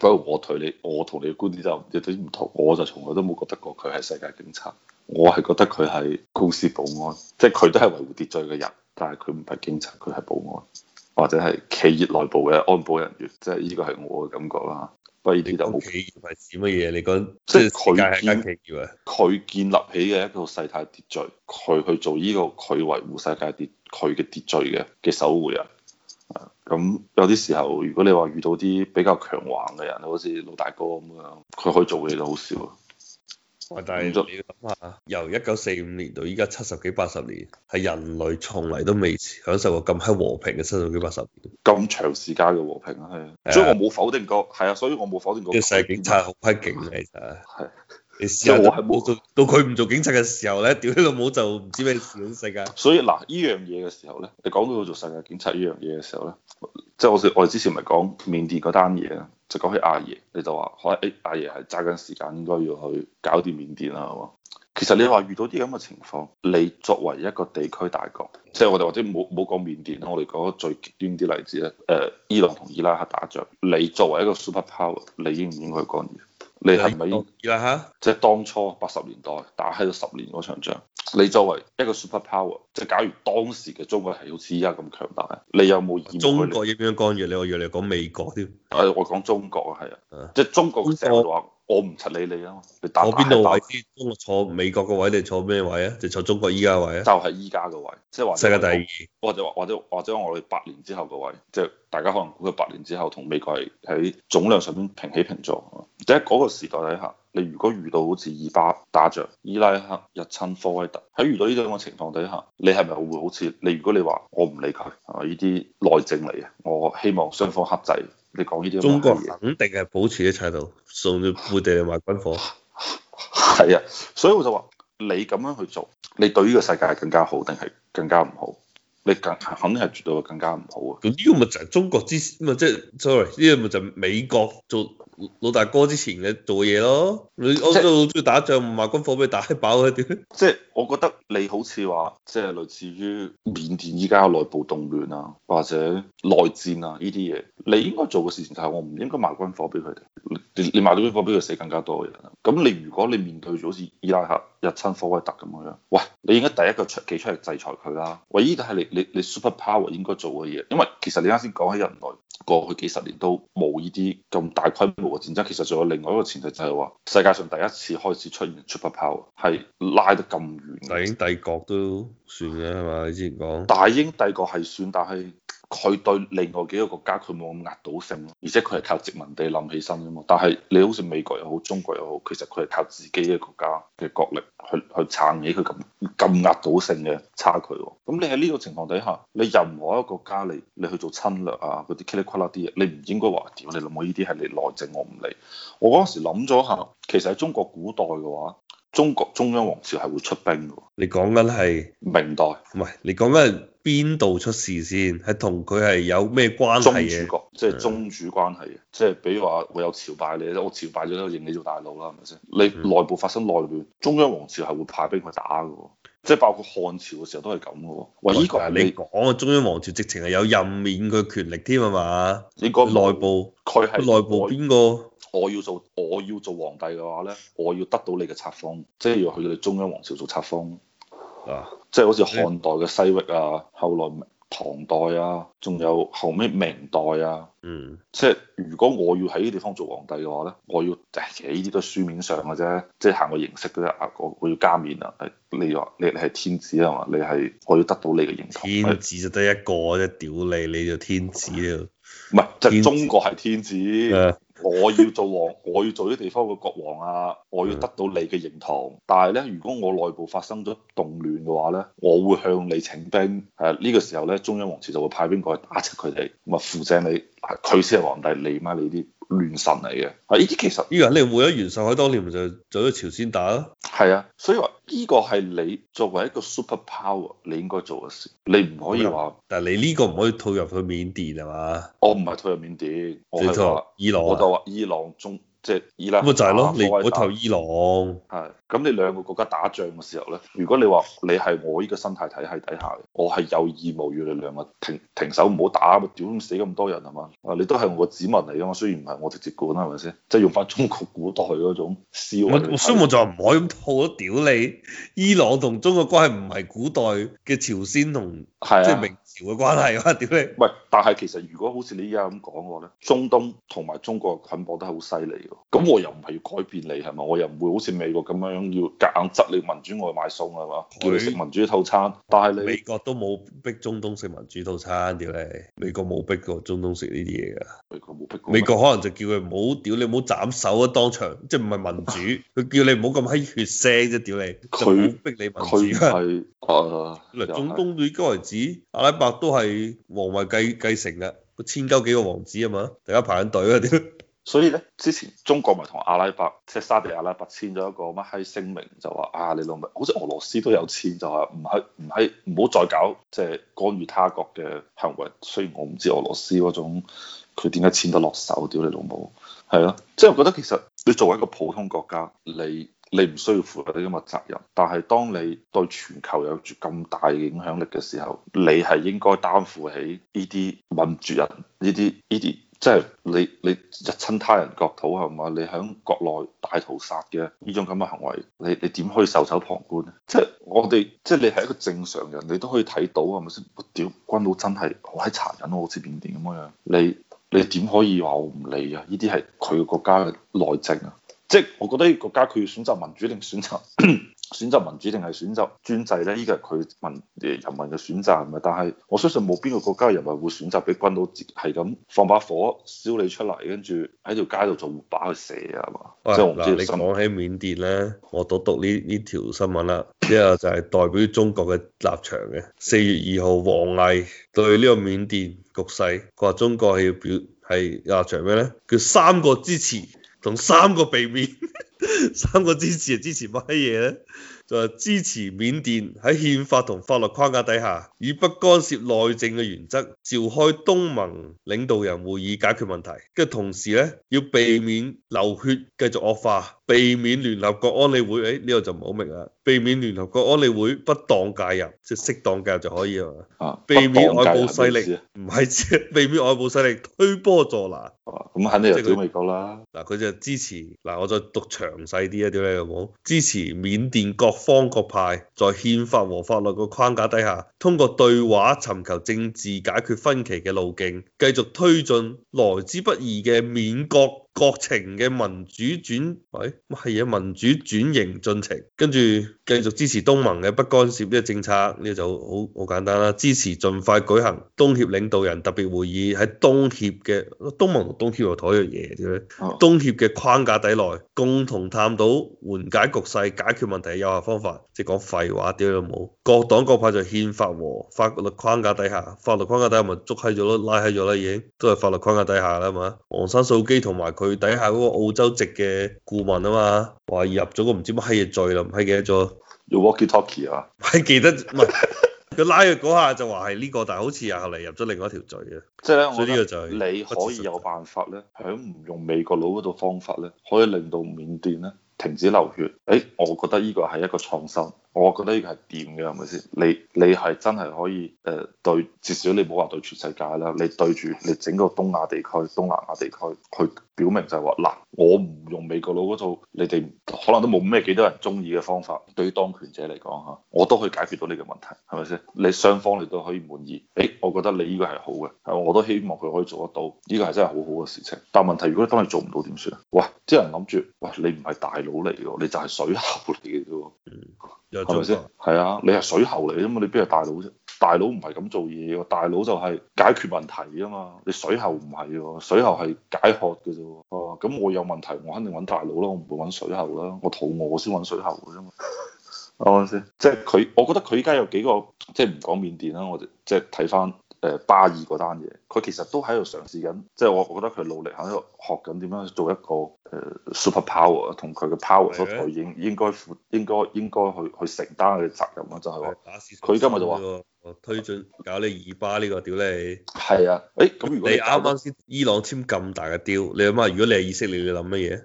不過我同你，我同你嘅觀點就有啲唔同。我就從來都冇覺得過佢係世界警察，我係覺得佢係公司保安，即係佢都係維護秩序嘅人，但係佢唔係警察，佢係保安或者係企業內部嘅安保人員，即係呢個係我嘅感覺啦。不過呢啲就好。企業係指乜嘢？你講即係佢建，佢建立起嘅一個世界秩序，佢去做呢個佢維護世界秩序嘅秩序嘅嘅守護人。咁有啲時候，如果你話遇到啲比較強橫嘅人，好似老大哥咁樣，佢可以做嘅嘢都好少。但係是就你諗下，由一九四五年到依家七十幾八十年，係人類從嚟都未享受過咁黑和平嘅七十幾八十年。咁長時間嘅和平啊，係啊的。所以我冇否定過，係啊，所以我冇否定過。啲細警察好勁嚟噶，係。即係我係冇做，到佢唔做警察嘅時候咧，屌你老帽就唔知咩事好食啊！所以嗱，呢樣嘢嘅時候咧，你講到佢做世界警察呢樣嘢嘅時候咧，即係我哋我哋之前咪講緬甸嗰單嘢啦，就講起阿爺，你就話，誒，阿爺係揸緊時間應該要去搞掂緬甸啊！其實你話遇到啲咁嘅情況，你作為一個地區大國，即係我哋或者冇冇講緬甸，我哋講最極端啲例子咧，誒，伊朗同伊拉克打仗，你作為一個 super power，你應唔應該去干預？你係咪？係？依啦，即係當初八十年代打喺度十年嗰場仗，你作為一個 super power，即係假如當時嘅中國係好似依家咁強大，你有冇？中國依邊干預？你我越嚟講美國添，我我講中國啊，係啊，即係中國嘅成日話。我唔柒理你啊！我邊度大啲？我打坐美國個位定坐咩位啊？定坐中國依家位啊？就係依家個位，即係世界第二，或者或者或者我哋百年之後個位，即係大家可能估佢百年之後同美國係喺總量上邊平起平坐。即一嗰個時代底下，你如果遇到好似二巴打仗、伊拉克入侵科威特，喺遇到呢種嘅情況底下，你係咪會好似你？如果你話我唔理佢啊，呢啲內政嚟嘅，我希望雙方克制。你講呢啲，中國肯定係保持一切度，送到背地裏賣軍火。係 啊，所以我就話：你咁樣去做，你對呢個世界係更加好定係更加唔好？你肯定係絕對會更加唔好啊！咁呢個咪就係中國之，咪即係，sorry，呢個咪就係美國做老大哥之前嘅做嘢咯。你即我好中意打仗，唔賣軍火俾你打爆佢點？ 即係我覺得你好似話，即係類似於緬甸依家嘅內部動亂啊，或者內戰啊呢啲嘢，你應該做嘅事情就係我唔應該賣軍火俾佢哋。你你賣啲軍火俾佢死更加多嘅人，咁你如果你面對住好似伊拉克入侵科威特咁嘅樣，喂，你應該第一個出幾出嚟制裁佢啦。唯依啲係你你你 super power 應該做嘅嘢，因為其實你啱先講喺人類過去幾十年都冇呢啲咁大規模嘅戰爭，其實仲有另外一個前提就係話世界上第一次開始出現 super power 係拉得咁遠。大英帝國都算嘅係嘛？你之前講大英帝國係算，但係。佢對另外幾個國家佢冇咁壓倒性咯，而且佢係靠殖民地冧起身噶嘛。但係你好似美國又好，中國又好，其實佢係靠自己嘅個國家嘅國力去去撐起佢咁咁壓倒性嘅差距。咁你喺呢個情況底下，你任何一個國家嚟，你去做侵略啊嗰啲 kill 啲嘢，你唔應該話，屌你老母！呢啲係你內政，我唔理。我嗰陣時諗咗下，其實喺中國古代嘅話，中國中央王朝係會出兵嘅。你講緊係明代？唔係，你講緊。邊度出事先？係同佢係有咩關係嘅？即係宗主國，就係宗主關係，即係比如話我有朝拜你，我朝拜咗都認你做大佬啦，係咪先？你內部發生內亂的，中央皇朝係會派兵去打嘅，即係包括漢朝嘅時候都係咁嘅。喂，呢個你講中央皇朝直情係有任免嘅權力添係嘛？你講內部，佢係內部邊個？我要做我要做皇帝嘅話咧，我要得到你嘅冊封，即係要去到中央皇朝做冊封。啊！即係好似漢代嘅西域啊，後來唐代啊，仲有後尾明代啊。嗯。即係如果我要喺呢啲地方做皇帝嘅話咧，我要誒，其實呢啲都書面上嘅啫，即係行個形式啫啊！我我要加冕啊！你話你你係天子啊嘛？你係我要得到你嘅認同。天子就得一個啫，屌你，你就天子。啊、嗯。唔係，就中國係天子。 我要做王，我要做啲地方嘅國王啊！我要得到你嘅認同。但係咧，如果我內部發生咗動亂嘅話咧，我會向你請兵。誒、啊，呢、這個時候咧，中央王朝就會派兵過去打柒佢哋，咁啊扶正你，佢先係皇帝，你媽你啲。亂神嚟嘅，啊呢啲其實，依家你唔會喺元首海當年咪就走咗朝鮮打咯，係啊，所以話呢個係你作為一個 super power，你應該做嘅事，你唔可以話，但係你呢個唔可以套入去緬甸係嘛，我唔係套入緬甸，我係話伊朗啊，我就話伊朗中。即係伊朗，咁咪就係咯。你話我投伊朗，係咁你兩個國家打仗嘅時候咧，如果你話你係我呢個生態體系底下嘅，我係有義務要你兩個停停手唔好打，屌死咁多人係嘛？啊你都係我嘅子民嚟㗎嘛，雖然唔係我直接管啦，係咪先？即係用翻中國古代嗰種思維。嗯、你看 我我希望就唔可以咁套咗屌你，伊朗同中國關係唔係古代嘅朝鮮同即係明。嘅關係喎，屌你！唔但係其實如果好似你而家咁講嘅咧，中東同埋中國捆綁得好犀利喎，咁我又唔係要改變你係咪？我又唔會好似美國咁樣要夾硬窒你民主，外賣餸係嘛？叫他 你食民，民主套餐，但係你美國都冇逼中東食民主套餐，屌你！美國冇逼過中東食呢啲嘢㗎，美國冇逼過。美國可能就叫佢唔好，屌、啊、你唔好斬手啊！當場即係唔係民主，佢、啊、叫你唔好咁閪血腥啫，屌你！佢逼你佢主係啊！嚟、uh, 中東嗰啲傢伙阿拉伯。都係皇位繼繼承啊，千鳩幾個王子啊嘛，大家排緊隊啊啲。所以咧，之前中國咪同阿拉伯即係沙特阿拉伯簽咗一個乜閪聲明，就話啊，你老母，好似俄羅斯都有簽，就話唔係唔係唔好再搞即係、就是、干預他國嘅行為。雖然我唔知俄羅斯嗰種佢點解簽得落手，屌你老母，係咯、啊，即、就、係、是、我覺得其實你作為一個普通國家，你。你唔需要負嗰啲咁嘅責任，但係當你對全球有住咁大嘅影響力嘅時候，你係應該擔負起呢啲揾住人、呢啲呢啲，即係、就是、你你入侵他人國土係嘛？你喺國內大屠殺嘅呢種咁嘅行為，你你點可以袖手旁觀咧？即係我哋即係你係一個正常人，你都可以睇到係咪先？點軍刀真係好閪殘忍，好似變態咁樣。你你點可以話我唔理啊？呢啲係佢嘅國家嘅內政啊！即係我覺得呢個國家佢要選擇民主定選擇 選擇民主定係選擇專制咧？呢個係佢民人民嘅選擇係咪？但係我相信冇邊個國家嘅人民會選擇俾軍佬係咁放把火燒你出嚟，跟住喺條街度做把去死啊嘛！是是哎、即係我唔知你講起緬甸咧，我都讀呢呢條新聞啦，呢個就係、是、代表中國嘅立場嘅。四月二號，王毅對呢個緬甸局勢，佢話中國係要表係立場咩咧？叫三個支持。同三個避免，三個支持，支持乜嘢咧？就支持緬甸喺憲法同法律框架底下，以不干涉內政嘅原則召開東盟領導人會議解決問題，跟住同時咧要避免流血繼續惡化，避免聯合國安理會，誒呢個就唔好明啦，避免聯合國安理會不當介入，即係適當介入就可以啊，避免外部勢力唔係即避免外部勢力推波助瀾，咁啊肯定有少咪個啦，嗱佢就支持嗱我再讀詳細啲一啲咧，有冇支持緬甸國。方國派在憲法和法律嘅框架底下，通過對話尋求政治解決分歧嘅路徑，繼續推進來之不易嘅緬國。國情嘅民主轉，喂、哎，係啊，民主轉型進程，跟住繼續支持東盟嘅不干涉呢個政策，呢、這個、就好好簡單啦。支持盡快舉行東協領導人特別會議，喺東協嘅東盟同東協同一嘅嘢，啫。東協嘅框架底內共同探討緩解局勢、解決問題有效方法，即係講廢話，屌都冇。各黨各派就憲法和法律框架底下，法律框架底下咪捉喺咗咯，拉喺咗啦，已經都係法律框架底下啦嘛。昂山素姬同埋。佢底下嗰個澳洲籍嘅顧問啊嘛，話入咗個唔知乜閪嘅罪啦，唔係記得咗用 walkie talkie 啊，係記得唔係佢拉佢嗰下就話係呢個，但係好似又嚟入咗另外一條罪啊，即係咧，所以呢個罪你可以有辦法咧，喺唔用美國佬嗰套方法咧，可以令到緬甸咧停止流血。誒、哎，我覺得呢個係一個創新，我覺得呢個係掂嘅，係咪先？你你係真係可以誒對，至少你唔好話對全世界啦，你對住你整個東亞地區、東南亞地區去表明就係話嗱，我唔用美國佬嗰套，你哋可能都冇咩幾多人中意嘅方法，對於當權者嚟講嚇，我都可以解決到呢個問題，係咪先？你雙方你都可以滿意，誒、哎，我覺得你呢個係好嘅，係我都希望佢可以做得到，呢個係真係好好嘅事情。但係問題如果你當你做唔到點算？哇！啲人諗住，喂，你唔係大佬嚟嘅，你就係、是。 水喉嚟嘅啫，係咪先？係啊，你係水喉嚟啫嘛，你邊係大佬啫？大佬唔係咁做嘢嘅，大佬就係解決問題啊嘛。你水喉唔係喎，水喉係解渴嘅啫。哦、啊，咁我有問題，我肯定揾大佬啦，我唔會揾水喉啦。我肚餓，我先揾水喉嘅啫嘛。啱啱先？即係佢，我覺得佢依家有幾個，即係唔講緬甸啦，我哋即係睇翻。就是誒，巴爾嗰單嘢，佢其實都喺度嘗試緊，即係我我覺得佢努力喺度學緊點樣做一個誒 super power 同佢嘅 power 所應應該負應該應該去去承擔嘅責任咯，就係話佢今日就話推進搞你二巴呢個屌你係啊，誒咁如果你啱啱先伊朗簽咁大嘅 deal，你諗下如果你係以色列，你諗乜嘢？